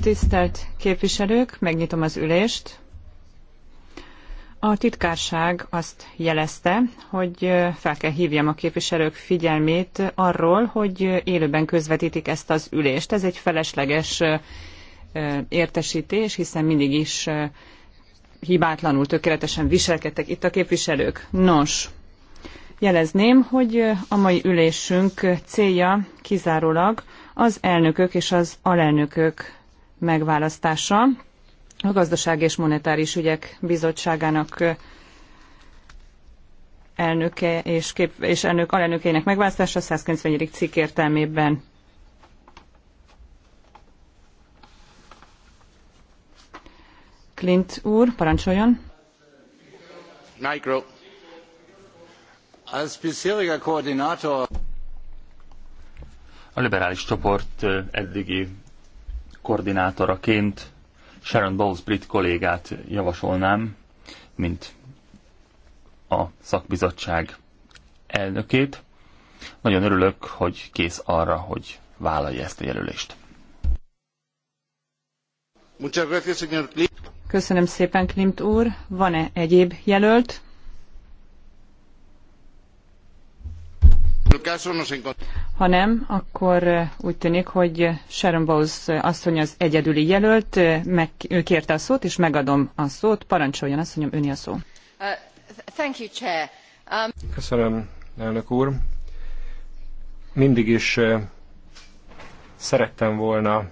Tisztelt képviselők, megnyitom az ülést. A titkárság azt jelezte, hogy fel kell hívjam a képviselők figyelmét arról, hogy élőben közvetítik ezt az ülést. Ez egy felesleges értesítés, hiszen mindig is hibátlanul, tökéletesen viselkedtek itt a képviselők. Nos, jelezném, hogy a mai ülésünk célja kizárólag az elnökök és az alelnökök megválasztása. A Gazdaság és Monetáris Ügyek Bizottságának elnöke és, kép, és elnök, alelnökeinek megválasztása 191. cikk értelmében. Clint úr, parancsoljon. Micro. Als bisheriger Koordinator a liberális csoport eddigi koordinátoraként Sharon Bowles brit kollégát javasolnám, mint a szakbizottság elnökét. Nagyon örülök, hogy kész arra, hogy vállalja ezt a jelölést. Köszönöm szépen, Klimt úr. Van-e egyéb jelölt? Ha nem, akkor úgy tűnik, hogy Sharon Bowles asszony az egyedüli jelölt, meg, ő kérte a szót, és megadom a szót. Parancsoljon, asszonyom, öni a szó. Uh, thank you, chair. Um, Köszönöm, elnök úr. Mindig is szerettem volna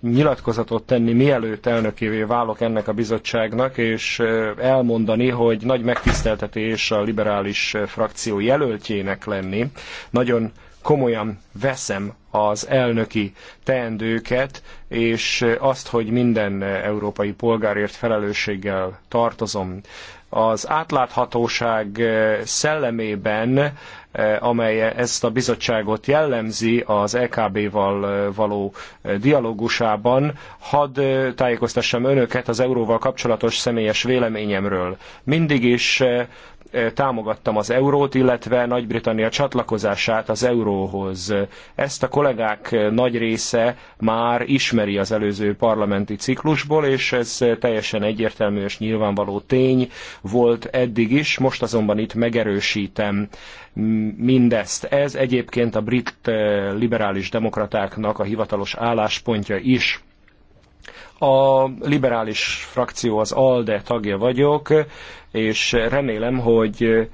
nyilatkozatot tenni, mielőtt elnökévé válok ennek a bizottságnak, és elmondani, hogy nagy megtiszteltetés a liberális frakció jelöltjének lenni. Nagyon komolyan veszem az elnöki teendőket, és azt, hogy minden európai polgárért felelősséggel tartozom az átláthatóság eh, szellemében, eh, amely ezt a bizottságot jellemzi az EKB-val eh, való dialógusában, hadd tájékoztassam önöket az euróval kapcsolatos személyes véleményemről. Mindig is támogattam az eurót, illetve Nagy-Britannia csatlakozását az euróhoz. Ezt a kollégák nagy része már ismeri az előző parlamenti ciklusból, és ez teljesen egyértelmű és nyilvánvaló tény volt eddig is, most azonban itt megerősítem mindezt. Ez egyébként a brit liberális demokratáknak a hivatalos álláspontja is. A liberális frakció az ALDE tagja vagyok, és remélem, hogy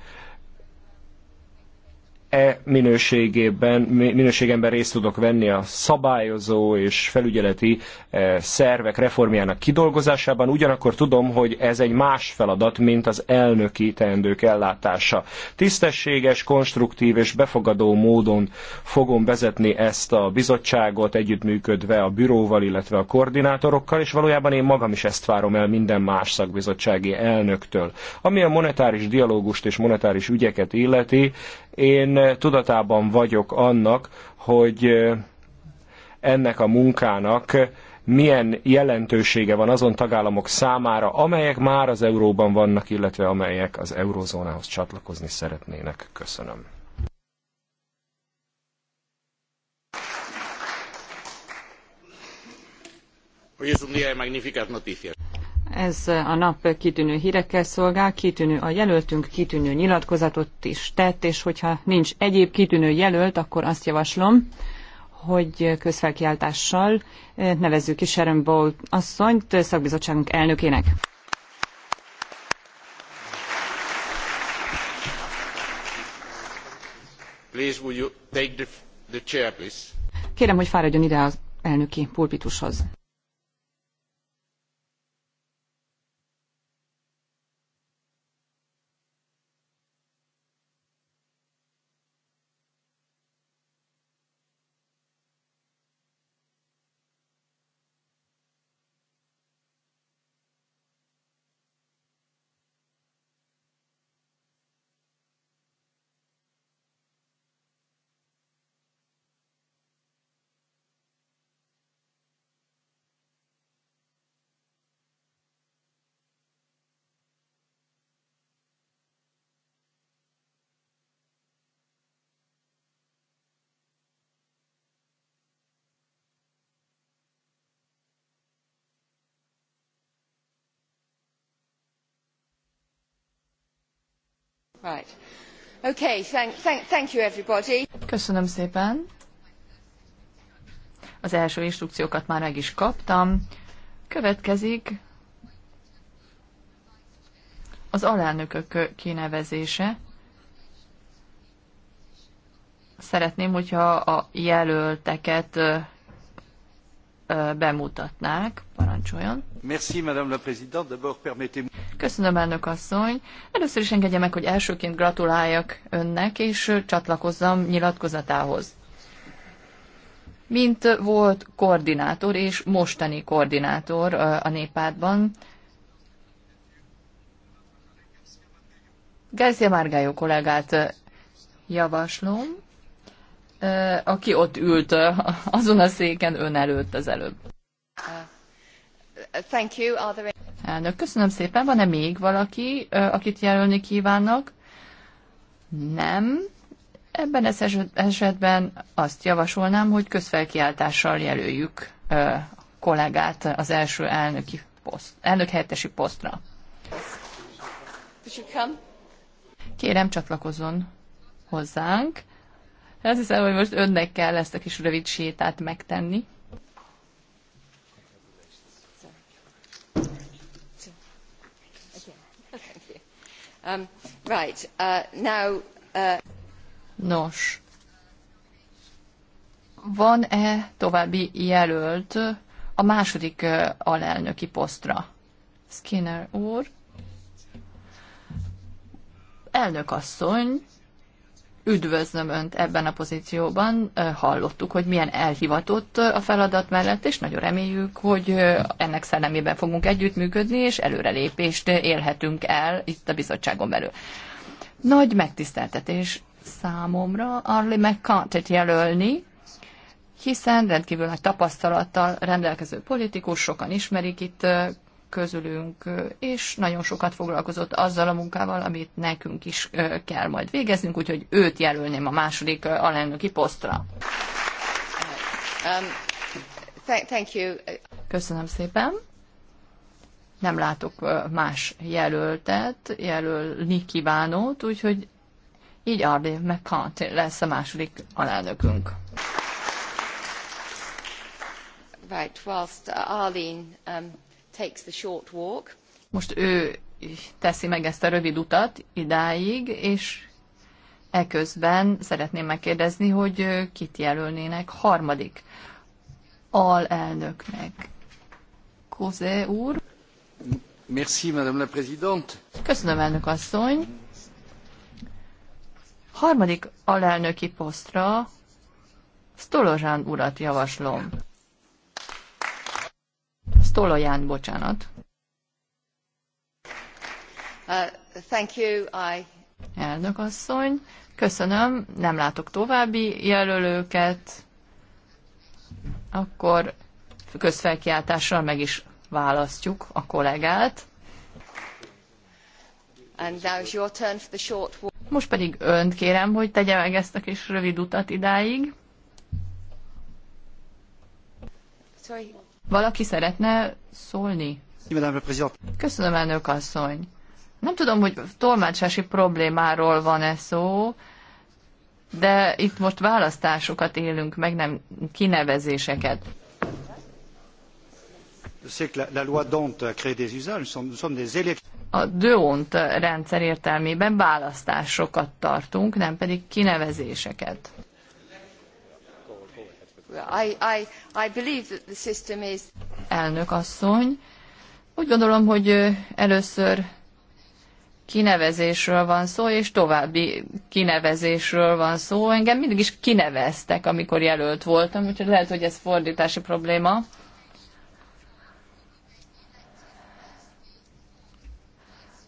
e minőségében, minőségemben részt tudok venni a szabályozó és felügyeleti e, szervek reformjának kidolgozásában, ugyanakkor tudom, hogy ez egy más feladat, mint az elnöki teendők ellátása. Tisztességes, konstruktív és befogadó módon fogom vezetni ezt a bizottságot, együttműködve a büróval, illetve a koordinátorokkal, és valójában én magam is ezt várom el minden más szakbizottsági elnöktől. Ami a monetáris dialógust és monetáris ügyeket illeti, én eh, tudatában vagyok annak, hogy eh, ennek a munkának eh, milyen jelentősége van azon tagállamok számára, amelyek már az euróban vannak, illetve amelyek az Eurózónához csatlakozni szeretnének. Köszönöm. Hoy es un día de magníficas noticias. Ez a nap kitűnő hírekkel szolgál, kitűnő a jelöltünk, kitűnő nyilatkozatot is tett, és hogyha nincs egyéb kitűnő jelölt, akkor azt javaslom, hogy közfelkiáltással eh, nevezzük ki Sharon Bowl asszonyt eh, szakbizottságunk elnökének. Please, will you take the, the chair, please? Kérem, hogy fáradjon ide az elnöki pulpitushoz. Right. Okay, thank, thank, thank you everybody. Köszönöm szépen. Az első instrukciókat már meg is kaptam. Következik az alelnökök kinevezése. Szeretném, hogyha a jelölteket bemutatnák. Parancsoljon. Merci, Madame la Présidente. D'abord, permettez Köszönöm, elnök asszony. Először is engedje meg, hogy elsőként gratuláljak önnek, és csatlakozzam nyilatkozatához. Mint volt koordinátor és mostani koordinátor a néppártban, Garcia Márgájó kollégát javaslom, aki ott ült azon a széken ön előtt az előbb. Uh, thank you. Are there... Elnök, köszönöm szépen. Van-e még valaki, akit jelölni kívánnak? Nem. Ebben az esetben azt javasolnám, hogy közfelkiáltással jelöljük kollégát az első elnöki poszt, elnök helyettesi posztra. Kérem, csatlakozzon hozzánk. Azt hiszem, hogy most önnek kell ezt a kis rövid sétát megtenni. Um, uh, uh, Nos, van-e további jelölt a második uh, alelnöki posztra? Skinner úr. Elnök asszony, üdvözlöm Önt ebben a pozícióban. Hallottuk, hogy milyen elhivatott a feladat mellett, és nagyon reméljük, hogy ennek szellemében fogunk együttműködni, és előrelépést élhetünk el itt a bizottságon belül. Nagy megtiszteltetés számomra Arlie McCartet jelölni, hiszen rendkívül nagy tapasztalattal rendelkező politikus, sokan ismerik itt közülünk, és nagyon sokat foglalkozott azzal a munkával, amit nekünk is kell majd végeznünk, úgyhogy őt jelölném a második alelnöki posztra. Um, Köszönöm szépen. Nem látok más jelöltet, jelölni kívánót, úgyhogy így Ardi McCarthy lesz a második alelnökünk. Right, whilst Arlene um, takes the short walk. Most ő teszi meg ezt a rövid utat idáig, és eközben szeretném megkérdezni, hogy kit jelölnének harmadik alelnöknek. Kozé úr. Merci, Madame la Présidente. Köszönöm, elnök asszony. Harmadik alelnöki posztra Stolozsán urat javaslom. Tolaján, bocsánat. Uh, thank you, I... Elnök asszony, köszönöm, nem látok további jelölőket. Akkor közfelkiáltással meg is választjuk a kollégát. And now is your turn for the short walk. Most pedig önt kérem, hogy tegye meg ezt a kis rövid utat idáig. Sorry. Valaki szeretne szólni? Köszönöm, elnök asszony. Nem tudom, hogy tolmácsási problémáról van-e szó, de itt most választásokat élünk, meg nem kinevezéseket. A DEONT rendszer értelmében választásokat tartunk, nem pedig kinevezéseket. I, I, I believe that the system is... Elnök asszony, úgy gondolom, hogy először kinevezésről van szó, és további kinevezésről van szó. Engem mindig is kineveztek, amikor jelölt voltam, úgyhogy lehet, hogy ez fordítási probléma.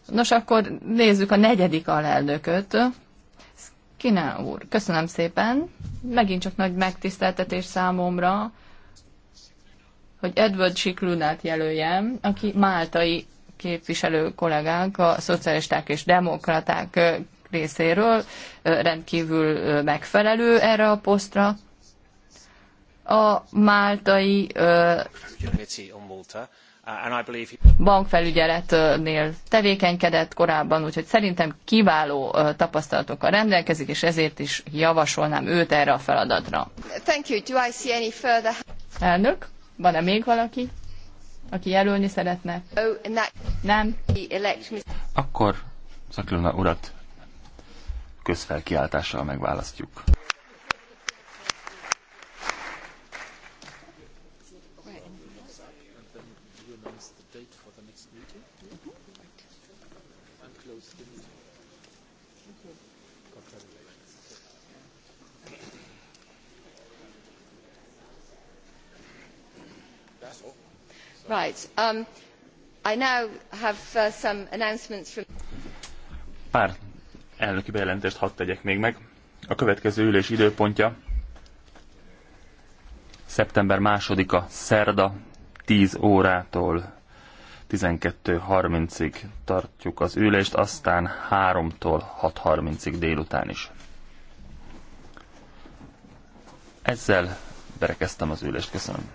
Nos, akkor nézzük a negyedik alelnököt. Skinner úr, köszönöm szépen megint csak nagy megtiszteltetés számomra, hogy Edward Siklunát jelöljem, aki máltai képviselő kollégánk a szocialisták és demokraták részéről rendkívül megfelelő erre a posztra. A máltai Uh, bankfelügyeletnél tevékenykedett korábban, úgyhogy szerintem kiváló uh, tapasztalatokkal rendelkezik, és ezért is javasolnám őt erre a feladatra. Thank you. Do I see any further... Elnök, van-e még valaki, aki jelölni szeretne? Oh, that... Nem. Akkor Zaklona urat közfelkiáltással megválasztjuk. Right. Um, I now have uh, some announcements from... Pár elnöki bejelentést hadd tegyek még meg. A következő ülés időpontja szeptember másodika, szerda, 10 órától 12.30-ig tartjuk az ülést, aztán 3-tól 6.30-ig délután is. Ezzel berekeztem az ülést. Köszönöm.